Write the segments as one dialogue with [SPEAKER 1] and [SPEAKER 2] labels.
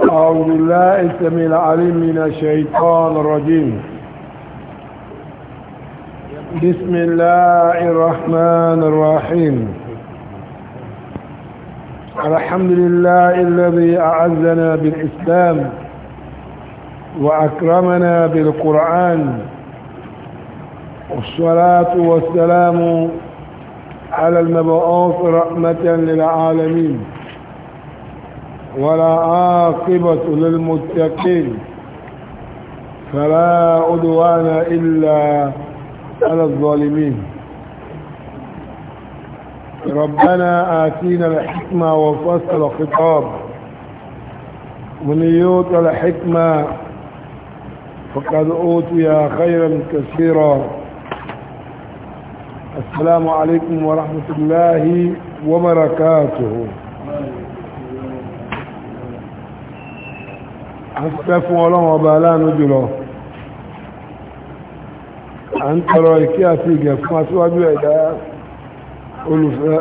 [SPEAKER 1] أعوذ الله السميع العليم من الشيطان الرجيم بسم الله الرحمن الرحيم الحمد لله الذي أعزنا بالإسلام وأكرمنا بالقرآن والصلاة والسلام على المبعوث رحمة للعالمين ولا عاقبة للمتقين فلا أدوان إلا على الظالمين ربنا آتينا الحكمة وفصل خطاب من يوت الحكمة فقد أوتي خيرا كثيرا السلام عليكم ورحمة الله وبركاته a fẹ́ fún ọlọ́run ọba aláàánú jùlọ a ń tọrọ ìkí àti ìgẹ̀ fún aṣíwájú ẹ̀dá olùfẹ́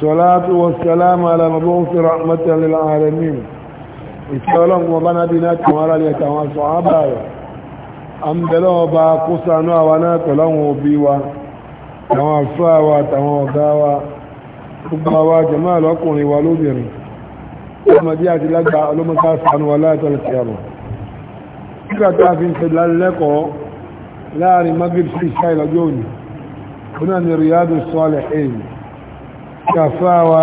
[SPEAKER 1] salatu wassalamu ala mabu'uthi rahmatan lil alamin ìkẹ́ ọlọ́run ọba náà dínà tí wọ́n rálẹ̀ tàwọn sọ ábà rẹ̀ a ń bẹ̀lẹ̀ ọba kó àwa náà pẹ̀lọ́run òbí wa àwọn àfáà wa àtàwọn ọ̀gá wa gbogbo àwa jẹ̀mọ́ àlọ́kùnrin wa lóbìnrin ọmọdé àti lágbà ọlọ́mọká sànú wa láìtọ́ lè kẹrọ nígbà tó a fi ń ṣe lálẹ́kọ̀ọ́ láàrin magrib sí ìṣáì lọ́jọ́ òní kúnà ní Riyadu Salihin kàfáwa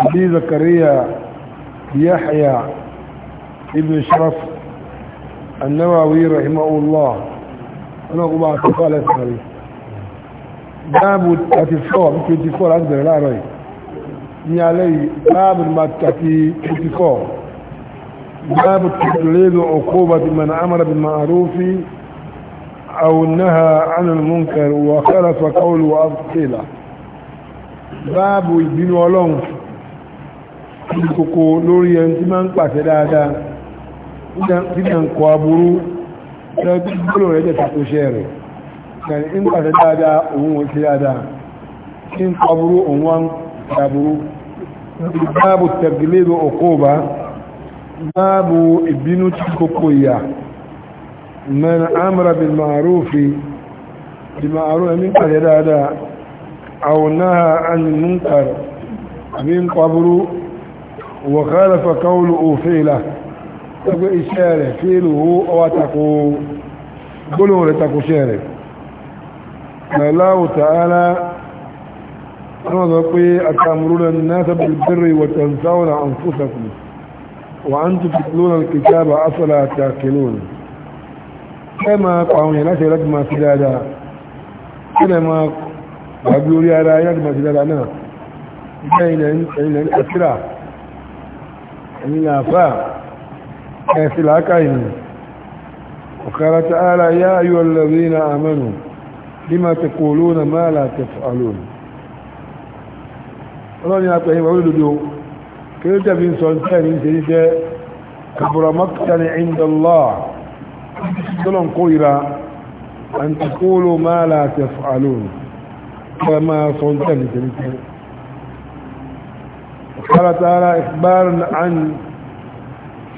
[SPEAKER 1] àbí Zakariya Yahya ibn Sharaf annawawi rahimahullah ọlọ́kùnbà àti fọ́ọ̀lẹ́sàrí báàbù 34 24 láti bẹ̀rẹ̀ láàárọ̀ yìí ní alẹ́ yìí báàbù màtàkì 24 báàbù tìtìlẹ́lù ọkọ́bà ti mẹ́nà àmàrà bí ma'arufi àwọnáha anàlmùnkẹrù wà kára fàkọ́lù wà áfẹ́lá báàbù ìbínú ọlọ́run kòkò lórí ẹni tí máa ń pàṣẹ dáadáa tí na ń kọ aburú tí gbọ́lọ̀ rẹ̀ jẹ́ tàkó ṣẹ́ rẹ̀ kẹrin ń ìtàbùrú báàbù tẹ̀gìlẹ́bù òkóòbá báàbù ìbínú tí kòkó ìyà mẹ́rin amra bil ma'rufi bil ma'ruf ẹ̀mí kàrẹ dáadáa àwọnáà anil munkar àbí ń kwàbúrú wa khalafa qawlu òfèèlà tẹ́gbẹ́ iṣẹ́ rẹ̀ fèèlò ọwá takò gbólóhùn rẹ̀ takò ṣẹ́ ta'ala أنا أقول أتأمرون الناس بالبر وتنسون أنفسكم وأنتم تتلون الكتاب أفلا تأكلون كما قاموا ينسي لك ما سدادا كما قابلوا لي على يد ما سدادا أنا بين الأسرة إلا فا كاسل عكاين وقال تعالى يا أيها الذين آمنوا لما تقولون ما لا تفعلون ọlọ́ni apẹ̀yìn wọ́n lòdò kí ó tẹ̀bí ń sọ tẹ́ ní ṣe iṣẹ́ kàbùrọ̀mọ́kítà ní ìndọ̀lá tọ́lọ̀n kó ìra àǹtàkóòlò máa láti fàálùn kọ́ máa sọ tẹ́ ní ṣe iṣẹ́ قال تعالى إخبارا عن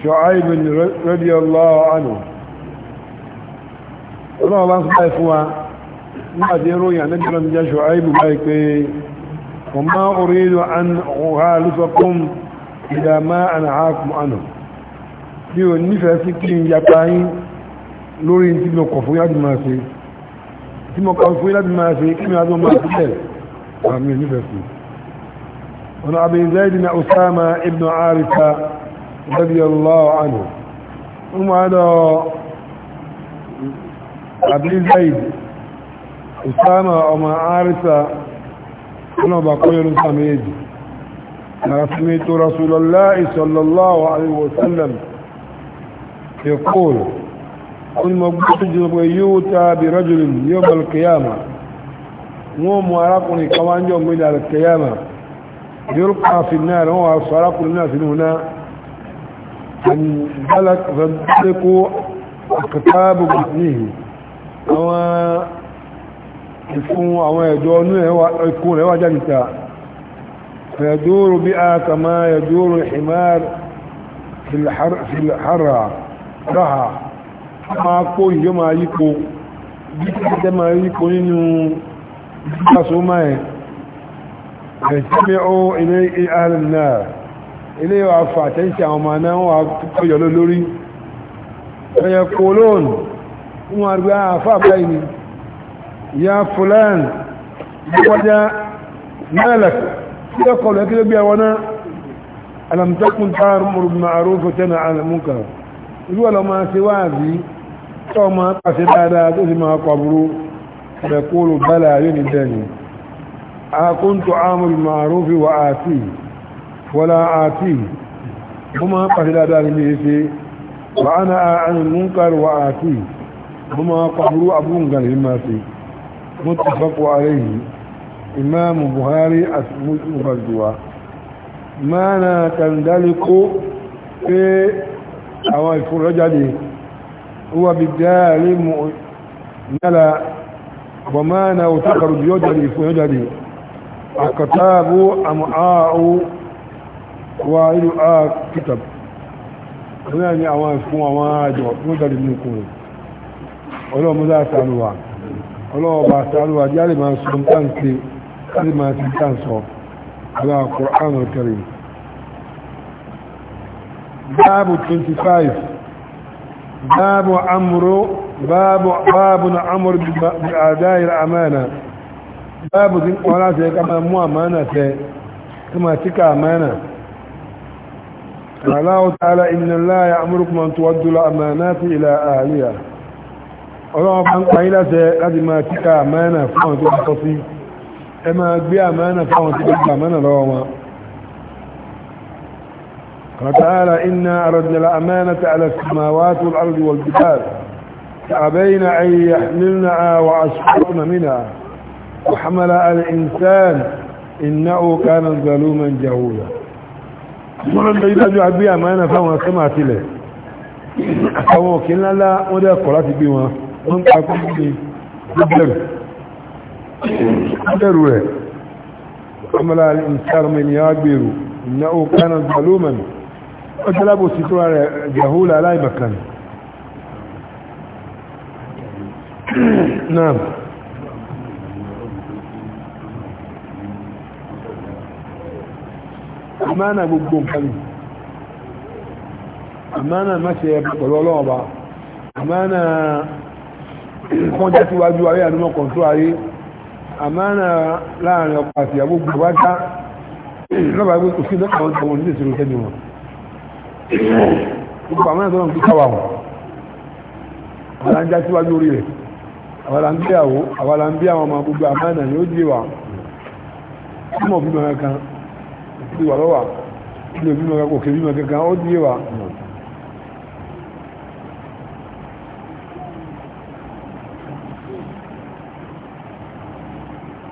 [SPEAKER 1] شعيب رضي الله عنه الله الله سبحانه ما ديروا يعني نجرم جا شعيب بايك وما أريد أن أخالفكم إلى ما أنهاكم عنه bí o nífẹ̀ẹ́ sí kí n yapa yín lórí tí mo kọ̀ fún yàtí máa ṣe tí mo kọ̀ fún yàtí máa ṣe kí mi àtọ́ máa sílẹ̀ àmì nífẹ̀ẹ́ sí ọ̀nà Abi Zaid na Usama ibn Arika radiyallahu anhu wọ́n máa dọ̀ Abi Zaid Usama ọmọ Arika انا بقول kọ́yọrọ انا سميت رسول الله صلى الله عليه وسلم يقول كل مبتج يوتى برجل يوم القيامة مو مواراقني كمان يوم من القيامة يلقى في النار هو صراق الناس من هنا فانبلق فانبلقوا أكتاب بطنه ìfún àwọn ẹ̀dọ́ inú ẹkùn rẹ̀ wá jáde ta ẹ̀dọ́rọ̀ bí a kàmá ẹ̀dọ́rọ̀ ìmár fìlhárà ráhà máa kó ìyọ́ máa yípo bí tẹ́ máa yípo nínú ìgbàsó máa ẹ̀tẹ́mẹ́ ó ilé ààrùn ya fulan wajen malak ya kawo ya kira biya wani alamtakun tsarin murmur a rufe na alamunka zuwa da ma sai wazi tsawon ma kashe dada zai shi ma kwaburu da kolo bala yin dani a kuntu amur ma'arufi wa ati wala ati kuma kashe dada ne ya ce wa ana a an wa ati kuma kwaburu abun ganin masu متفق عليه إمام أسمه مفردوا ما لا تندلق في أوائف الرجل هو بالدال مؤمنلا وما لا تخرج يجري في رجل الكتاب أمعاء وإلى كتاب كتب هنا أوائف مواجه مجرد من كونه ولو مذاك أنواع ọlọ́ọ̀bà sàárù àjálì máa sọ táǹkì kálì máa ti táǹsọ̀ ala Qur'an al-Karim báàbù 25 báàbù amúrò báàbù báàbù na amúrò bí àdáyìr àmàna báàbù tí wọ́n láti ẹka máa mú àmàna tẹ tí máa tíkà àmàna aláwọ̀ tààlà inna Allah ya'murukum an tuwaddu al-amanati ila ahliha ọlọ́wọ́ bá ń láti máa kíkà fáwọn tó kọ́ sí ẹ máa gbé fáwọn tó lọ́wọ́ wọn إنا أردنا الأمانة على السماوات والأرض والجبال فأبين أن يحملنها وأشفقن منها وحمل الإنسان إنه كان ظلوما جهولا ولن يدعو بها ما نفهم سمعت له أو كنا لا ودى قرات بها wọ́n ń pàkó ní gbẹ́rù gbẹ́rù rẹ̀ amala al'insar mai ya gbèrú na okanan zaluman wata labosi tó rẹ̀ jahula aláìbàkan náà àmánà gbogbo nǹkan àmánà má ṣe ẹ̀bọ̀ lọ́lọ́ọ̀bá àmánà wọ́n jẹ́ síwájú ayé àdúmọ̀ kọ̀ǹtó ayé àmánà láàrin ọkọ̀ àti ìyàwó gbàgbátá lọ́bàá gbé òfin lọ́kà wọn tọ̀wọ̀n ní ìṣòro tẹ́jú wọn gbogbo àmánà tọ́lọ̀ ń kí káwà wọn àwọn là síwájú orí rẹ̀ àwọn là ọmọ gbogbo àmánà ni ó di wà ọmọ òbí mọ̀ kankan ó di wà lọ́wà ilé òbí mọ̀ kankan òkè bí mọ̀ wà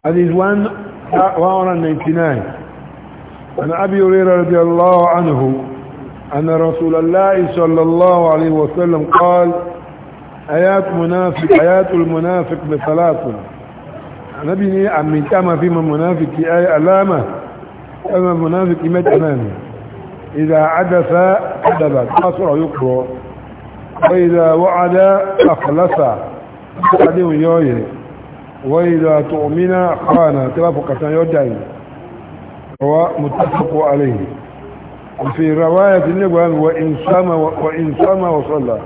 [SPEAKER 1] حديث 199 عن أبي هريرة رضي الله عنه أن رسول الله صلى الله عليه وسلم قال آيات منافق آيات المنافق بثلاث نبي ني أمين كما فيما منافق آية ألامة كما منافق إمت أمامي إذا عدف عدبت أسرع يقرأ وإذا وعد أخلص قد يويه وإذا تؤمن خانا تلافقة يوجعين هو متفق عليه وفي رواية النبوان وإن صام وإن صام وصلى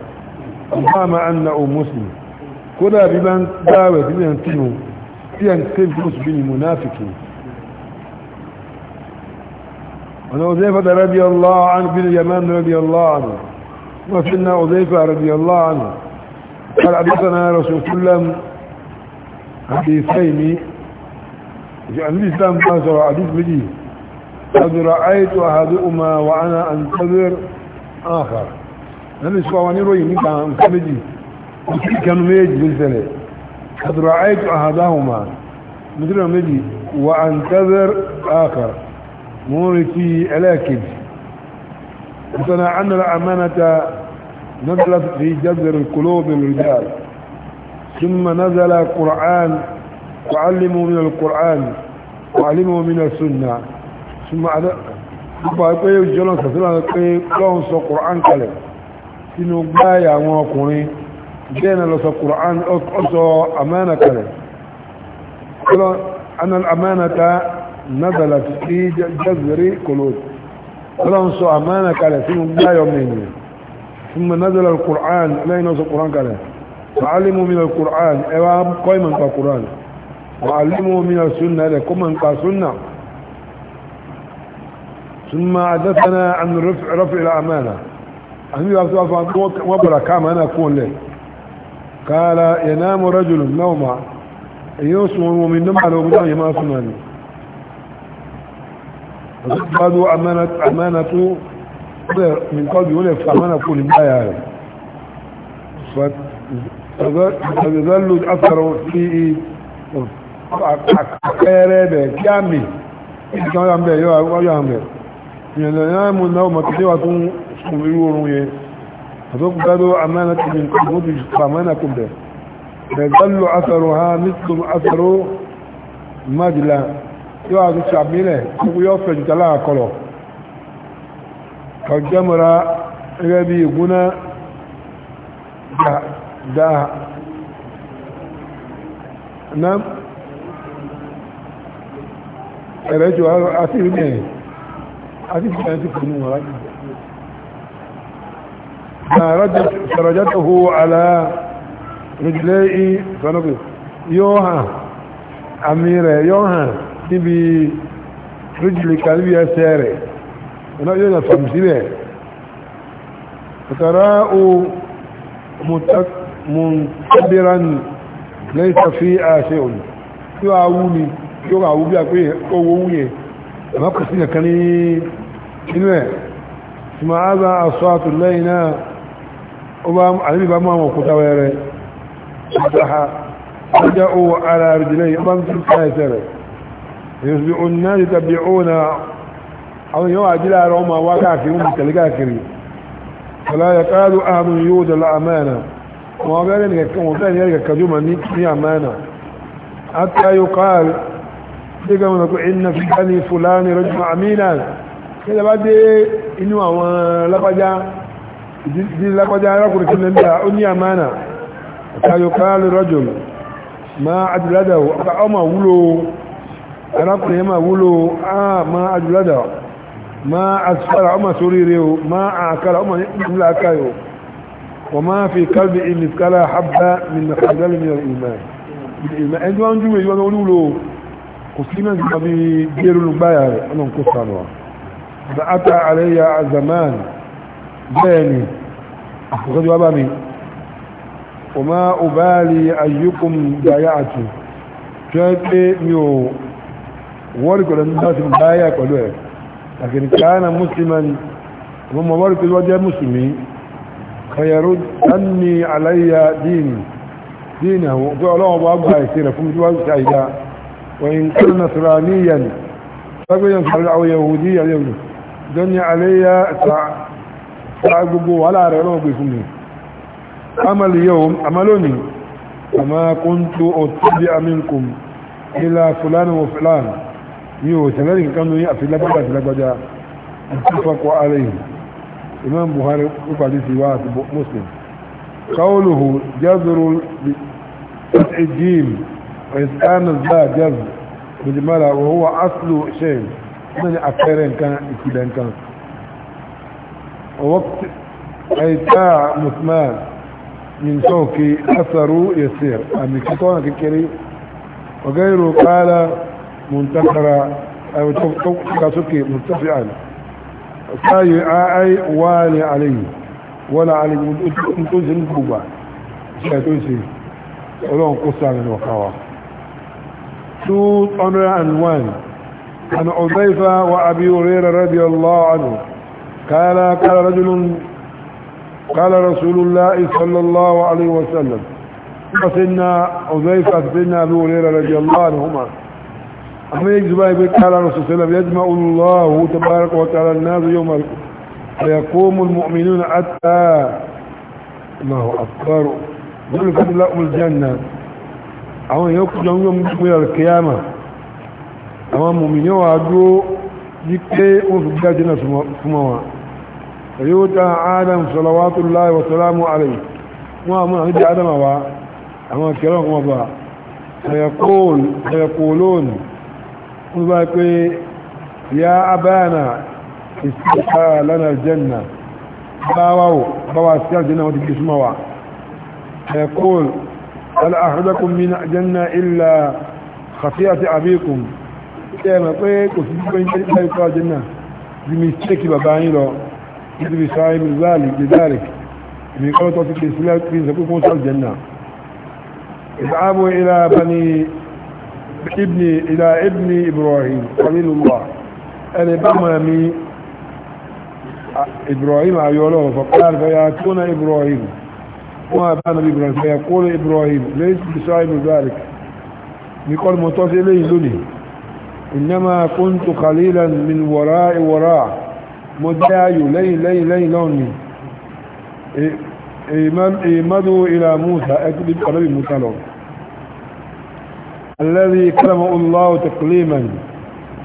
[SPEAKER 1] أمام أنه مسلم كلا بمن دعوة بمن بمن تنو تنفس بني بالمنافقين أنا أزيفة رضي الله عنه بن يمان رضي الله عنه وفينا أزيفة رضي الله عنه قال عبدنا رسول الله حديثين عن الإسلام قاسوا حديث بدي قد رأيت أحدهما وأنا أنتظر آخر أنا سواني روي مكان كمدي كانوا ميج بالسنة قد رأيت أحدهما مثل مدي وأنتظر آخر مورتي ألاكد وصنع أن الأمانة نزلت في جذر القلوب الرجال ثم نزل القرآن وعلموا من القرآن وعلموا من السنة ثم يقول الجلسة لهم سوى القرآن كلم سنو بايا موكوني جينا لسى القرآن أسوى أمانة كلم أن الأمانة نزلت في جزر قلود لهم سوى أمانة كلم سنو بايا ثم نزل القرآن لهم سوى القرآن كلم تعلموا من القرآن ايوام قيما من القرآن وعلموا من السنة لكم من السنة ثم عدتنا عن رفع, رفع الأمانة أمي أصلاً وبرا كما أنا أكون له قال ينام رجل نوما يسمع من نمع لو بدأ يما أسمعني فقدوا أمانة أمانة من قلبي ولا فأمانة كل ما يعني يظل اثر فيه اكيرب كامي كان عم بيو ولا عم بيو ينام نوم تديوا تسمعوا يه هذوك قالوا أمانة من قبض أمانكم ده يظل أثرها مثل أثر مجلى yóò àti sàmì rẹ̀ gbogbo yóò fẹ̀ jùtà láàkọlọ̀ kọjẹ́mọ̀ra gẹ́gẹ́ bí ìgúnná dáa náà ẹ̀rẹ́ jù àti ìrìn ẹ̀ àti ìrìn àti ìpinnu wọn láti sàrọ̀játòhó àlà rìjìlẹ̀ ìfẹ́lọ́gbẹ̀ yóò hàn àmì rẹ̀ yóò hàn níbi rìjìlẹ̀ kàríbí ẹsẹ̀ rẹ̀ yóò nà mùnkẹ́bìrán lẹ́sà fi àṣẹ òní tí wà wú ni tí ó wà wú bí àpé owó wú yẹ ẹ̀mọ́ kò sí nìkan ní inú ẹ̀ tí ma á bá aṣọ àtúlẹ́yìn náà ó bá àlébì bá máa òkúta wẹ́rẹ́ ṣàtàhà owó ara rìjìlẹ́yìn bá ń tún káyẹsẹ̀ yóò àjílá ara ọmọ فلا يقال أحد يود الأمانة wọ́n bẹ́rẹ̀ nìyẹn kàjú ma ní àmàna àtàyò káàl tí ga mọ̀ pé iná fi ká ní fúlàní rọ́jùmọ̀ àmìnà kí lọ bá dé inú àwọn lápájá ìdí lápájá arákùnrin kí lẹ́ndà ó ní àmàna àtàyò káàl rọ́jùm ma àdìládà ọmọ wúlò arákùnrin ma wúlò ma àdìládà ma àsìkára ọmọ sórí rẹ̀ ma àkàrà ọmọ nílà akáyò وما في قلبه مثقال حبة من خردل من الإيمان بالإيمان أنت ما نجوه يوانا ولولو قسلما بي جيرو لبايا أنا مقصانوا فأتى علي زمان باني أخذ وابامي وما أبالي أيكم بايعتي شاكي ميو ورق الناس بايع كلها. لكن كان مسلما هم ورق الوجه مسلمين فيرد أني علي ديني دينه وقال الله بأبها يسير فمجوز شعيدا وإن كان نصرانيا فقل ينصر أو يهوديا اليهودي دني علي سأقبه ولا رأيه بكم أما اليوم أملوني أما كنت أتبع منكم إلى فلان وفلان يو سنالين كانوا يأفي لبدا في لبدا اتفقوا عليهم امام بخاري ó pàdé sí wá قوله جذر بفتح الجيم وإسكان الزاء جذر مجملة وهو أصل شيء من أكثرين كان إذا كان ووقت أيتاء مثمان من شوك أثر يسير أمي كتونا كيري وغيره قال منتقرة أو توقف كاسوكي مرتفعا sáyé ààyè wà ní àlèyìn wọ́n àlèyìn tó tó 201 رضي الله عنه قال قال رجل قال رسول الله صلى الله عليه وسلم فسنا عزيفة فسنا أبي هريرة رضي الله عنهما أحمد يجزبها يقول تعالى رسول صلى الله يجمع الله تبارك وتعالى الناس يوم فيقوم المؤمنون حتى الله أكبر يقول لكم لهم الجنة أو يخرجون يوم من القيامة أو المؤمنين وعدوا جكي وفقا جنة سموا فيوتى عالم صلوات الله وسلامه عليه وما من عدد عدم أبا أما كلام أبا فيقول فيقولون wọ́n bá pé ya abáyàna ìsìnkà lánàá jẹ́nà báwáwò báwá sí àjẹ́nà wọ́n ti gbé súnmọ́ wa ẹ̀kọ́l aláàrẹ́dẹ́kùn mi jẹ́nà ilẹ̀ kàfíà sí àbíkùn ṣe ẹ̀mọ̀ pé kò sí gbogbo ìjẹ́ ìjẹ́ ìjẹ́ jẹ́nà bí mi ṣéèkì bàbá yín lọ nítorí sáyé mi záàlì jẹ́dárì mi kọ́ lọ́tọ́ ti gbé sílẹ̀ pín ìsẹ̀kùn fún sọ́ọ̀jẹ́nà ìdáàbò bani ابني إلى ابن إبراهيم خليل الله أنا بأمامي إبراهيم عيوله فقال فيأتون إبراهيم وما بان إبراهيم فيقول إبراهيم ليس بصاحب ذلك يقول متصل إليه ذني إنما كنت قليلا من وراء وراء مدعي لي لي لي لوني إيه مدوا إلى موسى أكبر قلبي موسى لوني الذي كلم الله تكليما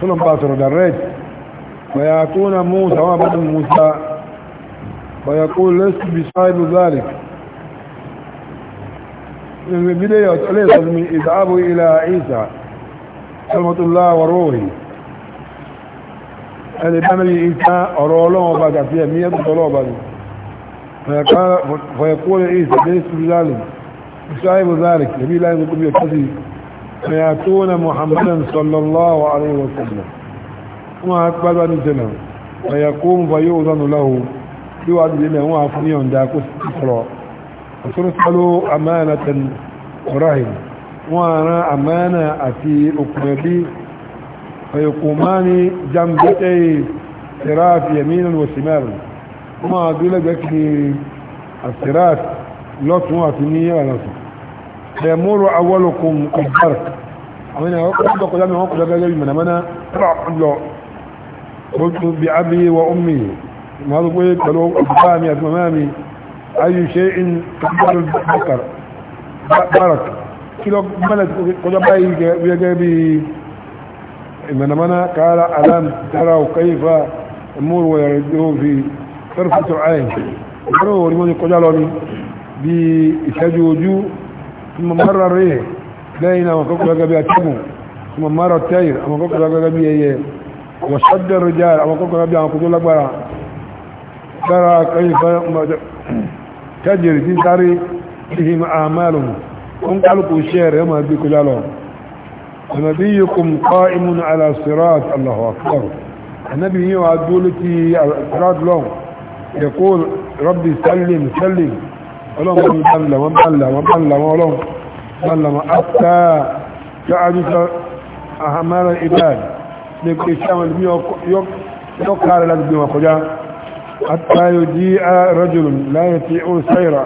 [SPEAKER 1] كلهم باصروا دريت ويعطون موسى وابد موسى ويقول لست بصاحب ذلك من البداية ليس من إذهاب إلى عيسى كلمة الله وروحي ẹni bá إيسا أرولون وبعد فيها مية طلوبة فيقول إيسا ليس بذلك fọ̀yẹ̀kọ́ ìsẹ̀dẹ́ ìsìnlẹ̀ الله záàrẹ̀ kìí láìsí فياتون محمدا صلى الله عليه وسلم وما أكبر زمان فيقوم فيؤذن له يوعد لنا هو عفنيا داكو استقراء فترسل أمانة ورهن وانا أمانة أتي أقربي فيقومان جنبتي صراف يمينا وشمالا وما أدولك الصراف لوت ولا ونصف يمر أولكم بالبرك أمنا أقول قدامي أقول قدامي من أمنا رعب الله قلت بأبي وأمي ما قلت قالوا أبامي أتمامي أي شيء تقبل البكر بارك كيلو ملت قدامي ويجابي من أمنا قال ألم تروا كيف أمور ويردون في طرفة عين قالوا ورموني قدامي بإشاج وجوه ثم مرة الريح لينا وكوكو لقى بها كمو ثم مرة التير اما كوكو لقى ايه وشد الرجال اما كوكو لقى بها كدو لقى ترى كيف تجري تنتري بهم اعمالهم هم قالوا كوشير يوم هديكوا لالهم ونبيكم قائم على صراط الله اكبر النبي هو عدولتي الصراط لهم يقول ربي سلم سلم ọlọ́run bá ń là wọ́n bá ń là wọ́n bá ń là wọ́n ọlọ́run bá ń là wọ́n áfíà tó àjúsọ àhàmára ìbáàdì ní pé sáwọn ìlú yóò káàrẹ̀ láti gbé wọn kọjá àtàyò jí rajulun láyé tí ó sáìrà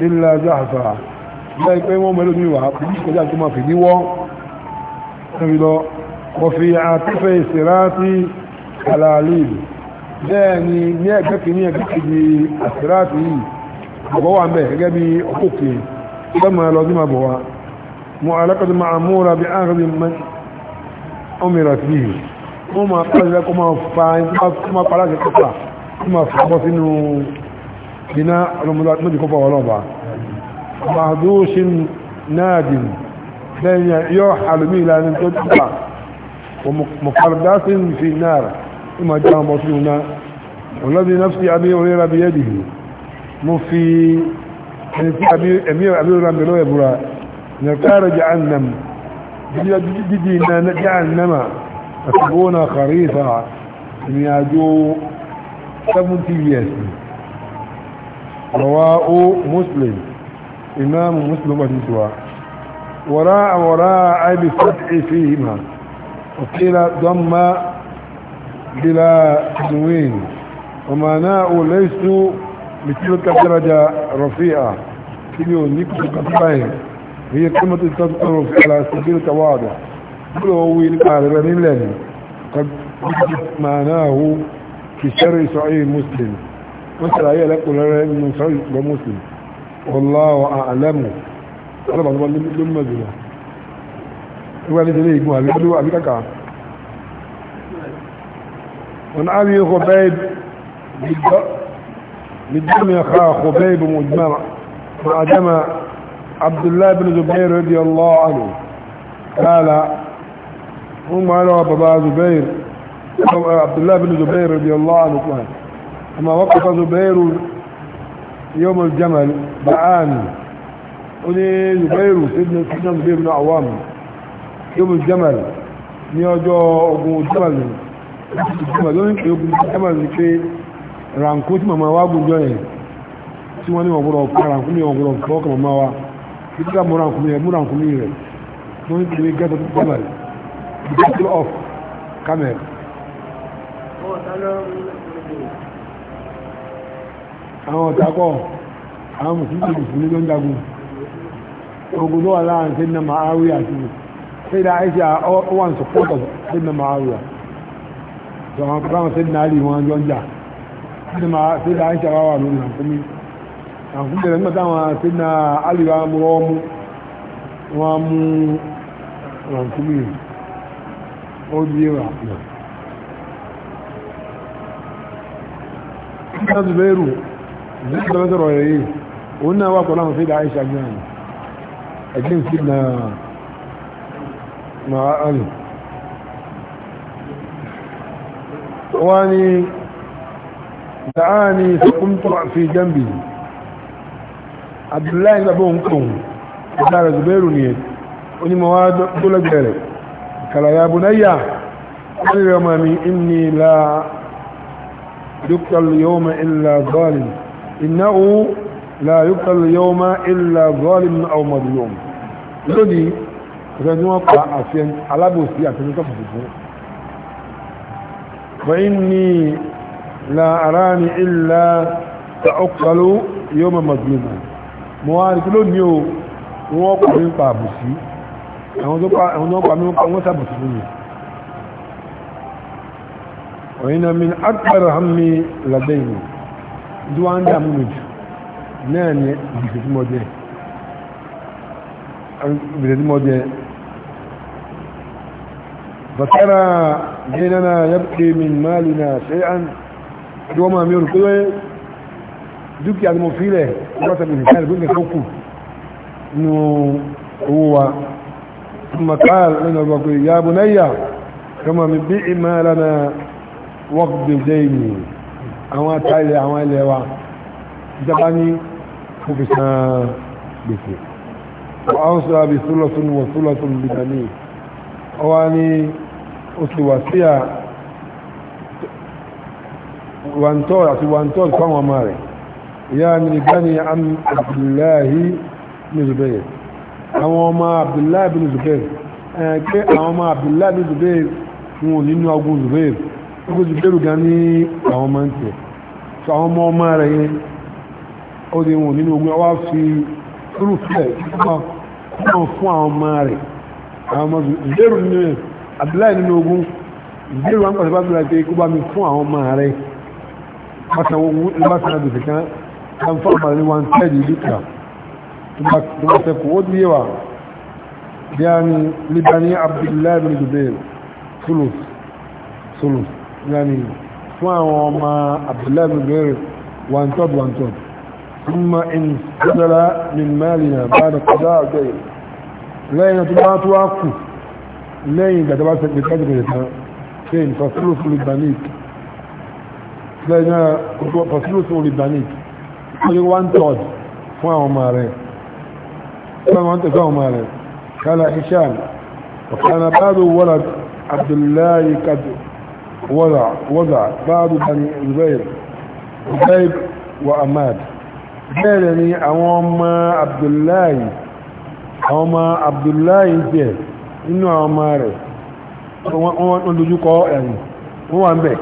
[SPEAKER 1] nílá záàfà láì pé wọ́n mẹ́lú ní wà bí ní ẹgbẹ́ kìíní ẹgbẹ́ kìíní àsìráàtì yìí bọ̀ wà mẹ́ gẹ́gẹ́ bí òkè lọ́mọ lọ sí máa bọ̀ wá mo alákọ̀tí máa múra bí á rí ọmọrà sí i wọ́n máa pàṣẹ kó máa fa kó máa pàṣẹ kó fà kó máa fà sínú iná ọlọ́mọdé méjì kó fà wọ́n lọ́ba mahdúshin náàdìn في النار ثم جاء مصيرنا والذي نفسي أبي هريرة بيده mo fi ẹni tí ẹ̀mí àbíọ́lá mi lọ́wọ́ ẹ̀bùra ní ọ̀kára jẹ́ annam dídí iná jẹ́ annama àtàbọ́nà kàrífà ní àjò 70 years rọwá ó muslim imam muslim wà títúwa wọ́rá àwọ̀rá àìbí fàtí fi hìmà ọ̀kílá dọ́mà bílá ìwé ọmọ náà ò lẹ́sùn بتلك الدرجة رفيعة كيلو نيكو كتباهي هي كلمة تذكر على سبيل التواضع كل هو القارب من لنا قد وجدت معناه في شر صحيح مسلم مثل هي لك ولا من صحيح مسلم والله أعلم أنا بقول لهم هو اللي لي يقول لي قالوا أبي كاكا وعن أبي خبيب للدنيا أخاه خبيب مجمع فأجمع عبد الله بن زبير رضي الله عنه قال هم قالوا بابا زبير عبد الله بن زبير رضي الله عنه قال أما وقف زبير يوم الجمل بآن وني زبير سيدنا سيدنا زبير بن عوام يوم الجمل ni جو جمل jẹ́mọ̀lì ìjọba lórí ogun ràǹkó tí màmá wa gùnjọ yẹn tí wọ́n ní ọ̀gbọ̀rọ̀ ràǹkó ní ọ̀gbọ̀rọ̀ fọ́ọ̀kọ̀ màmá wa títí ká mú ràǹkó mi rẹ̀ mú ràǹkó mi rẹ̀ tó ń pè é gẹ́tọ̀ tó pọ̀lá rẹ̀ gẹ́tọ̀ off camera. àwọn ọ̀tàkọ̀ àwọn mùsùlùmí mùsùlùmí ló ń jagun ogun tó wà láàrin sí ní ma'áwí àti sí ìdá àìsí àwọn support of sí ní ma'áwí àti àwọn kọ́kọ́ sí ní àárín wọn jọ ń jà sai da an sharawa nuna hankumi hankumi da zama dama sai na aliwa murawa mu wa mu hankumi o biyewa na zubairu zai da nazar wayoyi wannan wa kwanan sai da aisha gina ne a jin sai na ma'ali wani دعاني فقمت في جنبه عبد الله بن ابو مكوم زبير نيت وني مواد دول غيره قال يا بني قال يا مامي اني لا يقتل اليوم الا ظالم انه لا يقتل اليوم الا ظالم او مظلوم لودي كان هو قا افين على بوسي افين كفو فاني لا أراني إلا تعقل يوم مظلمة موارك لون يو ووقع من قابوسي ونوقع من قابوسي بسلمي وهنا من أكبر همي لدينا دوان دامج ناني بسيط مودي بسيط مودي فترى بيننا يبقي من مالنا شيئا bí wọ́n máa mi rò pé dúkìá ni mo fi rẹ̀ lọ́sẹ̀ mi nìkan ìlú nìkan kù nù owó wa mọ̀tàl lẹ́nu ọgbà pé ya bu náyà kọmọ mi bí ìmọ̀ lánà wọ́gbẹ̀dẹ̀ ìní àwọn àtàlẹ̀ àwọn ilẹ̀ wa ìjọba ní kò fi san gbèsè wọ́n sọ àbí súlọ̀tún wọ̀ súlọ̀tún bìtàní ọwá ní oṣù wàsíà one third àti one third fáwọn ọmọ rẹ̀ ìyá mi ní gani abdullahi bin zubair àwọn ọmọ abdullahi bin zubair ẹ̀ pé àwọn ọmọ abdullahi bin zubair wọn ò nínú ogun zubair ogun zubair gan ní àwọn ọmọ ń tẹ̀ so àwọn ọmọ ọmọ rẹ̀ yẹn ó di wọn nínú ogun wá fi rúfẹ́ náà fún àwọn ọmọ rẹ̀ àwọn ọmọ zubair nínú abdullahi nínú ogun zubair wọn pàṣẹ bá bẹ̀rẹ̀ pé kó bá mi fún àwọn ọmọ rẹ̀ masa masa da kan an fama ni wan tadi duka kuma ta ku wadi yawa yani libani abdullah bin zubair sulus sulus yani fún àwọn ọmọ abdullah bin zubair one third one third ثم ان بدل من مالنا بعد قضاء الدين لين تبات واقف لين قد بات بكذب فين فثلث لبنيك lẹ́yìn pọ̀sílù uh, tó rí banik ó ní one third fún àwọn ọmọ rẹ̀ fún àwọn tó fún àwọn ọmọ rẹ̀ kala hisham ọ̀kànà báàdù wọ́lá abdullahi kadu wọ́lá wọ́lá báàdù bani zubair zubair wa ahmad bẹ́ẹ̀rẹ̀ ni àwọn ọmọ abdullahi àwọn ọmọ abdullahi jẹ́ inú àwọn ọmọ rẹ̀ wọ́n dojúkọ ẹ̀yìn wọ́n wà ń bẹ̀ẹ̀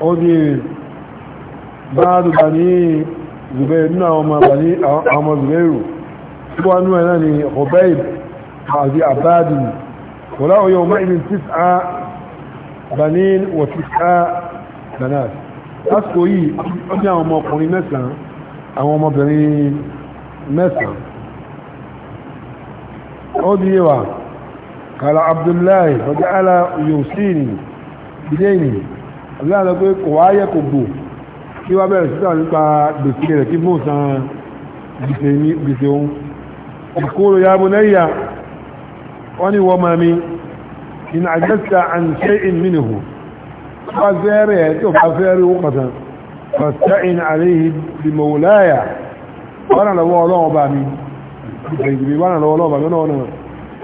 [SPEAKER 1] oye báàdù bá ní zùbẹ́ nínú àwọn ọmọ bá ní àwọn zùbẹ́rù tí wọ́n ní ẹ̀nà ni ọ̀bẹ́ì àti àbáàdì wọ́lá oyè ọmọ ìlú tíṣà bá ní wọ̀tíṣà gbanáà lásìkò yìí ó ní àwọn ọmọkùnrin mẹ́sàn àwọn ọmọbìnrin mẹ́sàn ó di yíwa kàlà abdullahi ọjọ́ alá yóò sí ni ilé ìnìyàn àbí àwọn pé kò wá yẹ kò bò kí wá bẹ̀rẹ̀ sísà nípa gbèsè rẹ̀ kí bò san gbèsè ní gbèsè òun ìkóró ya bó lẹ́yà wọ́n ní wọ́n máa mi ìnà àjẹsà àn ṣe in mínìhù wá fẹ́rẹ̀ tí ò bá fẹ́rẹ̀ ó kàtà fàṣà in àríhì di mọ̀wòláyà wọ́n nà lọ́wọ́ ọlọ́wọ́ bá mi wọ́n nà lọ́wọ́ ọlọ́wọ́ bá mi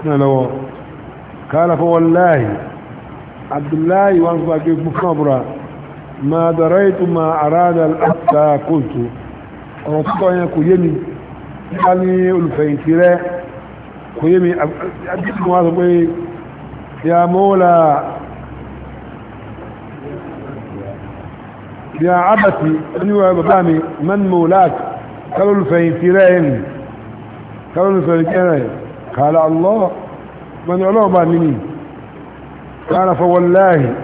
[SPEAKER 1] náà lọ́wọ́ kálàfọ́ wọ́n láyìí abdullahi wọn fún akéwì fún fúnbura ma daraitu ma arada al'afta kóòtù ọ̀rọ̀ púpọ̀ yẹn kò yé mi nípa ní olùfẹ̀yìntì rẹ kò yé mi àbíkú wọn sọ pé ya mọ́wọ́lá ya abati oníwà bàbá mi man mọ́wọ́lá kálọ̀ olùfẹ̀yìntì rẹ yẹn kálọ̀ olùfẹ̀yìntì rẹ kàlà allah mọ́ni ọlọ́ọ̀bá mi nìyí قال فوالله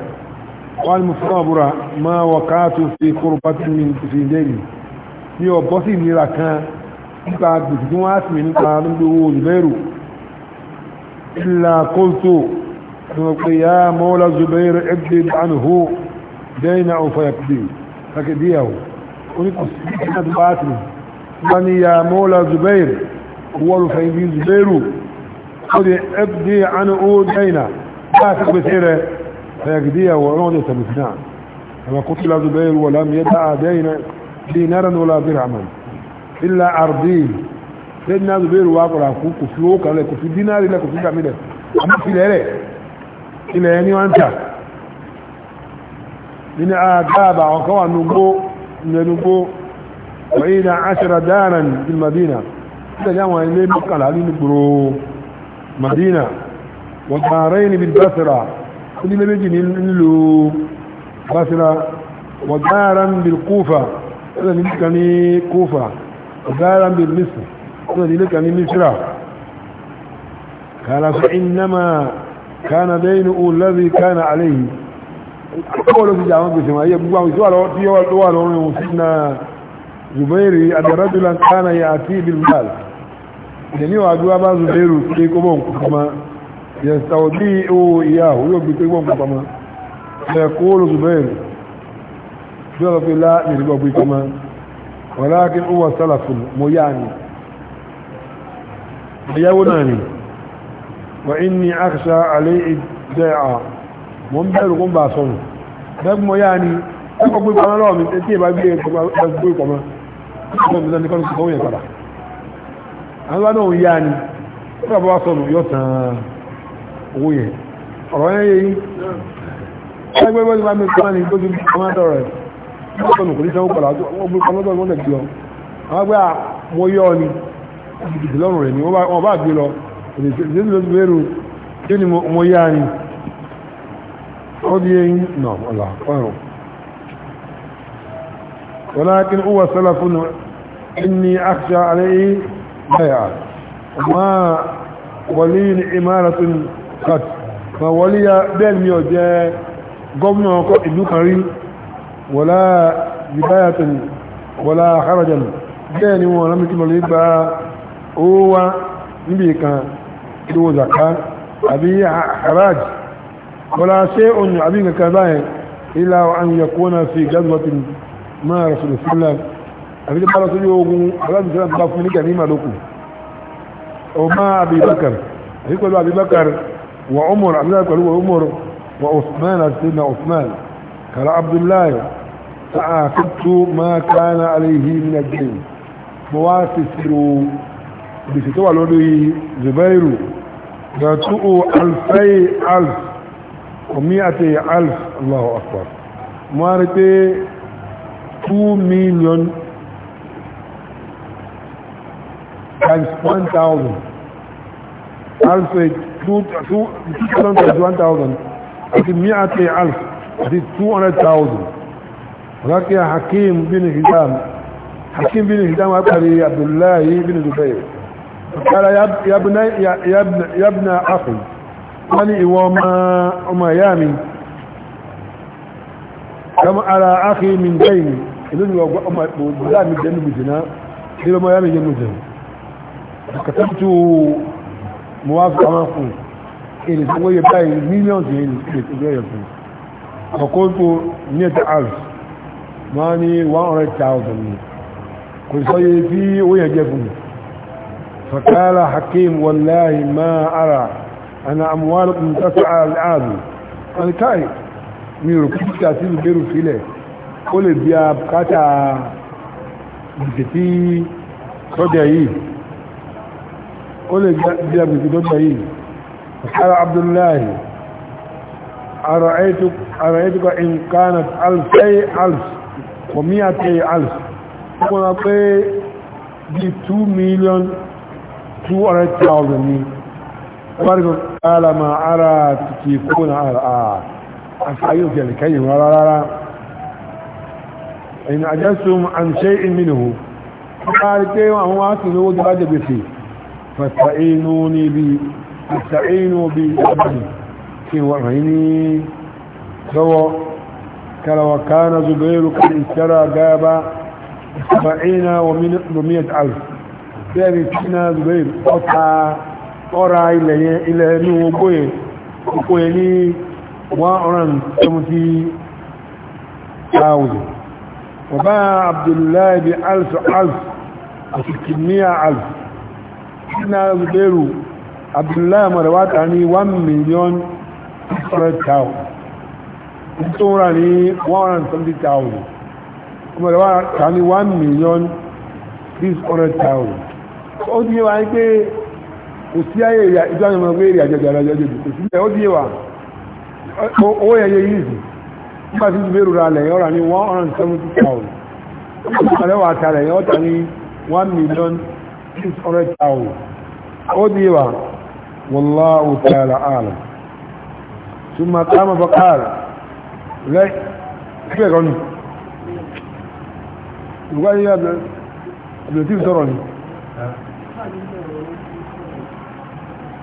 [SPEAKER 1] قال مفرابرة ما وقعت في قربة من في ديني ní ọ̀bọ́ sì nira kan nípa gbèsè tí wọ́n á sì mí nípa lóògbò zubairu ìlà kóòtò tí wọ́n pè ya mọ́lá zubairu ẹgbẹ́ dánihó dẹ́yìnà ọ̀fọ̀ ẹ̀pẹ́ kàkẹ́díyàwó oníkùsí ذاك بسيرة فيجديها ورون يسمسنان كما قتل زبير ولم يدع دينا دينارا ولا درعما إلا أرضين سيدنا زبير واقرا كوكو فلوكا لكو في دينار لكو في دعمنا أما في ليلة إلا يعني وانت من آقابة وقوى النبو من النبو وإلى عشر دارا في المدينة إذا جاءوا إليه مكة العليم برو مدينة والدارين بالبصرة كل ما بيجي نلو بصرة ودارا بالكوفة هذا نلقني كوفة ودارا بالمصر هذا نلقني مصر قال فإنما كان دينه الذي كان عليه أقول في جامعة بسماء يبقى سؤال في والدوال سيدنا زبيري أن رجلا كان يأتي بالمال يعني وعدوا ما زبيري كيكو بونكو يستوديعه إياه ويوم بيقوم بطمان فيقول زبير جرب لا يرجو بكما ولكن هو سلف مياني يوناني وإني أخشى عليه الداعة منبر قنبا صنو بك مياني تقبل قناة الله من تتيب أبيه تقبل قناة ọgbọ̀n ìlànà kan kọ̀wé ẹ̀kọ́dà àwọn ọ̀nà òun yá ni ọ̀rọ̀ bá sọ̀rọ̀ yọ̀tàn owó yẹn ọ̀rọ̀ yẹn yẹ yín ẹgbẹ́ bẹ́ẹ̀ ni wọ́n mi kọ́ ní gbójú ọmọ àtọ̀rọ̀ ẹ̀ wọ́n kọ́ nù kò ní sanwó pẹ̀lú àwọn ọmọ ọmọ ọmọ ọmọ ọmọ àwọn ẹgbẹ́ àmọ́ yọ ولكن هو سلف إني أخشى عليه بيعة وما ولي إمارة cut ma wọlé ya bẹ́ẹ̀ mi ò jẹ́ gómìnà ọkọ̀ ìlú kan rí wọlá ìbáyàtọ̀ ni wọlá àkàràjà ni bẹ́ẹ̀ ni wọn rámi tí mo lè gba owó wá níbi kan ìlú zaka àbí haraj wọlá ṣé òun àbí kankan báyẹn ilá an yakuna fi gazwatin ma rasulullah àbí tí bá sójú ogun aláàbìsílẹ̀ bá fún ní kẹ̀mí màlókù ọmọ àbí bakar àbí pẹ̀lú àbí bakar وعمر عبد الله قالوا عمر وعثمان سيدنا عثمان قال عبد الله تعاقبت ما كان عليه من الدين مواسسر بفتوى لولي زبير جاتوا ألفي ألف ومئتي ألف الله أكبر مارتي 2 million times 1000 alfai 2,000 àti mi'atai alf àti 200,000 rakiya hakim bin hizam hakim bin hizam akari abdullahi bin zubair kala yabna akhi wani iwo ma ọmọ ya mi kama ara akhi min daini ilu ni ọgbọ ọmọ ìpò ìgbòdá mi jẹ́ nùgbùjì náà ilé ọmọ ya mi jẹ́ nùgbùjì mo wá fi àwọn fún èrè tó wọ́yẹ báyìí mílíọ̀nù yìí èrè tó bẹ̀rẹ̀ fún ọkọ̀ tó ní ẹ̀tẹ̀ àrùn wọ́n ní 100,000 kò sọ yẹ tí ó yẹ jẹ́ fún mi فقال حكيم والله ما أرى أنا أموالكم تسعى الآن قال كاي ميرو كتا سيبيرو فيلي قول بيا بكاتا بكتي صدعي قل جاب جدود بعيد قال عبد الله أرأيتك, أرأيتك إن كانت ألفي ألف ومئتي ألف قل أطي دي 2 مليون 200,000 فرق قال ما أرى تكيكون أرى أسعيوك لكيهم لا لا لا إن أجلتم عن شيء منه قال كيما هو أصل هو جبادة بسيط فاستعينوني بي فاستعينوا بي كي ورهني سوى قال وكان زبير كان اشترى جابا سبعين ومئة ألف يعني كنا زبير قطع قرع إلى بوي بوي لي وأران تمتي تاوزي وباع عبد الله بألف ألف وستمية ألف na gbèrú abdullahi marawata ní 1 million 600,000 tó rà ní 170,000 marawata ní 1 million 600,000 ó díye wa ní pé kò sí ayé ìjọ àjọmọ̀ pé èrè àjọjọ àjọjọ kò sí ẹ̀ ó díye wa owó ẹ̀yẹ yìí sí nígbà tí gbèrú ra lẹ̀ yọ́ rà ní 170,000 ó díye wa tà lẹ̀ yọ́ tà 1 million 600,000 أوديوا والله تعالى أعلم ثم قام فقال لا تكرني وقال يا ابن تيف تراني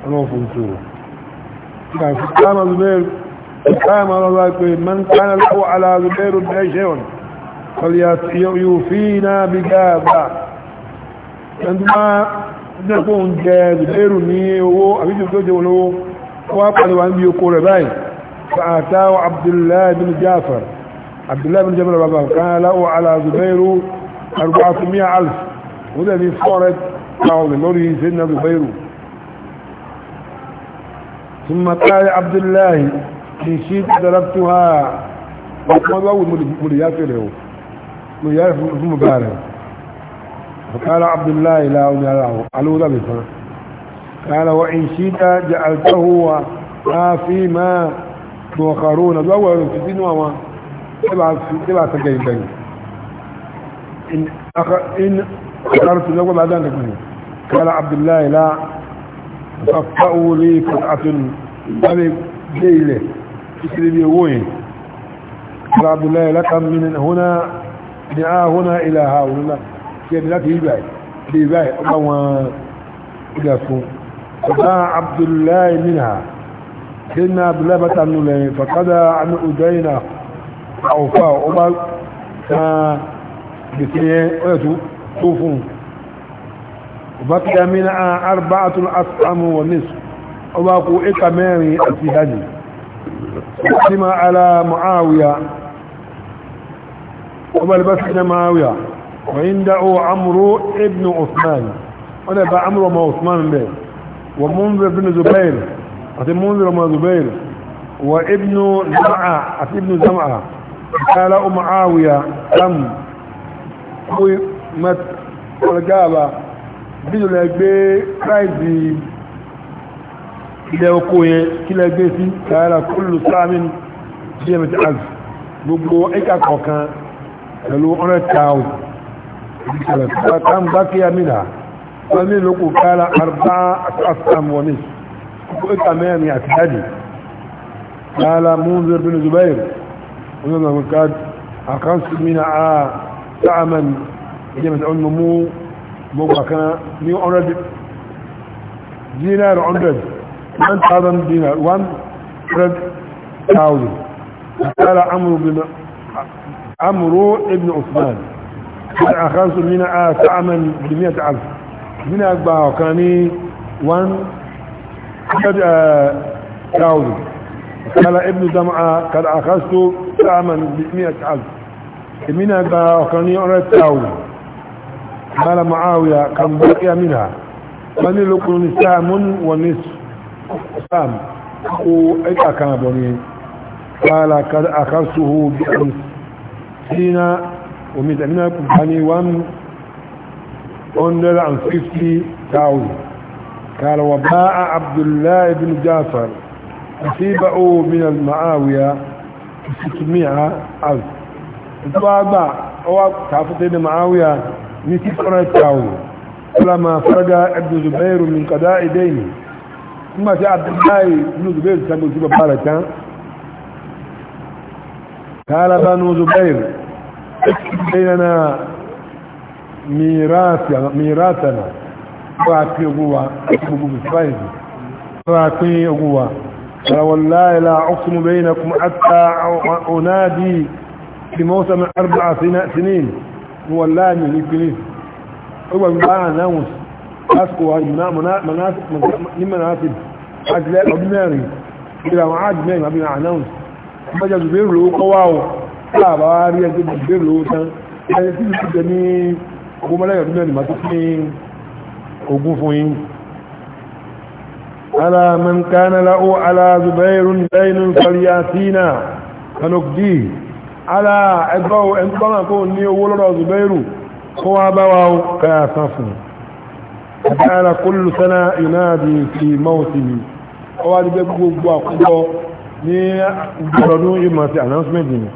[SPEAKER 1] أنا فنسور فقام زبير فقام الله من كان له على زبير بأي شيء فليوفينا بكذا فأتاه عبد الله بن جعفر عبد الله بن جعفر بن كان له على زبير 400000 وده في فورد قال نوري سيدنا زبير ثم قال عبد الله ان شئت ضربتها وقال له مليات له مليات مبارك فقال عبد الله لا أولى له ألوذ بفا قال وإن شئت جعلته وآفي فيما توخرون الأول في الدين وما تبع سجين بني إن أخر إن أخرت الأول بعد ذلك مني قال عبد الله لا فقطعوا لي قطعة جيلة تسري تسلمي وين قال عبد الله لك من هنا دعا آه هنا إلى هؤلاء tí ẹni láti ibà dé ibà ọba wọn ìgbà fún ọba abdullahi minha dínà abdullahi bàtà nù lẹ́yìn fàkádà àmì ọdọ́yìnà àwòfà ọba kan gbèsè yẹn ọyọ tó fún ọba kìí amínà àrùbá àtúnú àmú wọn nísù ọba kú ẹka mẹ́rin àti hajj قدم على معاوية وبل بس معاوية وعنده عمرو ابن عثمان أنا بقى عمرو ما عثمان به ومنذر بن زبير أتي منذر ما زبير وابن زمعة أتي ابن زمعة قال معاوية لم قيمت الجابة بيجو لأجبي رايزي ilẹ̀ oko yẹn kí lẹ gbé sí tààrà kúlù sáàmìn gmt alf gbogbo ẹ̀ka kọ̀ọ̀kan pẹ̀lú 100,000 كم بقي منها فملك قال أربعة أسهم ونصف وقلت أمامي يعتدي قال منذر بن زبير من قد أخنص من سعما إذا تقول نمو مبقى كان 100 دينار 100 1000 دينار 1000 قال عمرو بن عمرو ابن عثمان أخذت منها طعما بمئة ألف من أكبر وكاني وان قد تاوزن قال ابن دمعة قد أخذت طعما بمئة ألف من أكبر وكاني أرى تاوزن قال معاوية كان بقي منها من لكم سام ونصف سام وإذا كان بني قال قد أخذته بأمس حين omi ìtẹ̀mínà kù bá ní 150,000 kàlọ̀wà bá a abdullahi bin jafar àti bá o min al-ma'awiya 600,000 ìtọ́wà gbà ọwá tàfútẹ́ ní ma'awiya ní 600,000 kọlọ̀mà faraga ibn zubairu min kada idaini nígbà tí abdullahi bin zubairu sàgbẹ̀ sí bàbá rẹ̀ tán kàlọ̀bá nù بيننا ميراثنا ميراثنا واكي اغوا ابو بسرايز واكي اغوا والله لا اقسم بينكم حتى انادي في موسم اربع سنين والله من ابليس هو بقى ناموس اسكو مناسب مناسب اجلاء ابناري الى معاد ما بين عناوس بجد بيرلو قواو láàbá wá rí ẹgbẹ́ ìgbèrè lówó tán ẹni tí ìlú jẹ ní ogún mọ́lẹ́yìn ọdún mẹ́rin màtí ní ogún fún yín ala man kana lahu ala zubairun bainun faryatina kanokdi ala ẹgbọ́ ẹgbọ́nà kó ní owó lọ́rọ̀ zubairu kó wá bá wa kaya fún ala kullu sana yunadi fi mawtihi ọwá ní gbogbo àkójọ ní ìgbọ̀rọ̀dún ìmọ̀ sí announcement yìí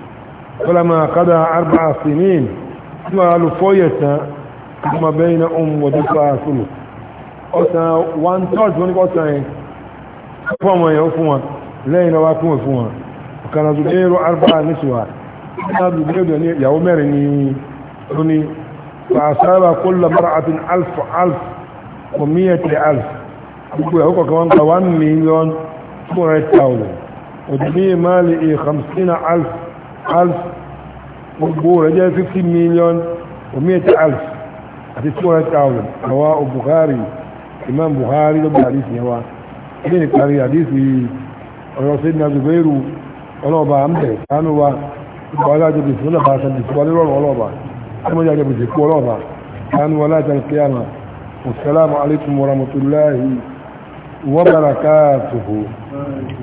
[SPEAKER 1] فلما قضى أربع سنين ثم لفوية ثم بين أم ودفع سلو أسا وان تارت وانك أسا فما يوفوا لين واتوا فوا وكان زبير أربع نسوة كان زبير يومرني أني فأصاب كل مرأة ألف ألف ومية ألف أقول هو كمان كوان مليون 200,000 ودني مالي خمسين ألف alf gbogbo rẹ̀ jẹ́ 50 million omiyeti alf àti 200,000 àwa o Bukhari imam buhari ló bí àdísì yẹn wa ilé ìparí àdísì ọ̀rọ̀ sí ìdíná zubairu ọlọ́ọ̀bà àmì wa gbogbo alájọ bí fún ọlọ́ọ̀bà àti kú wa láti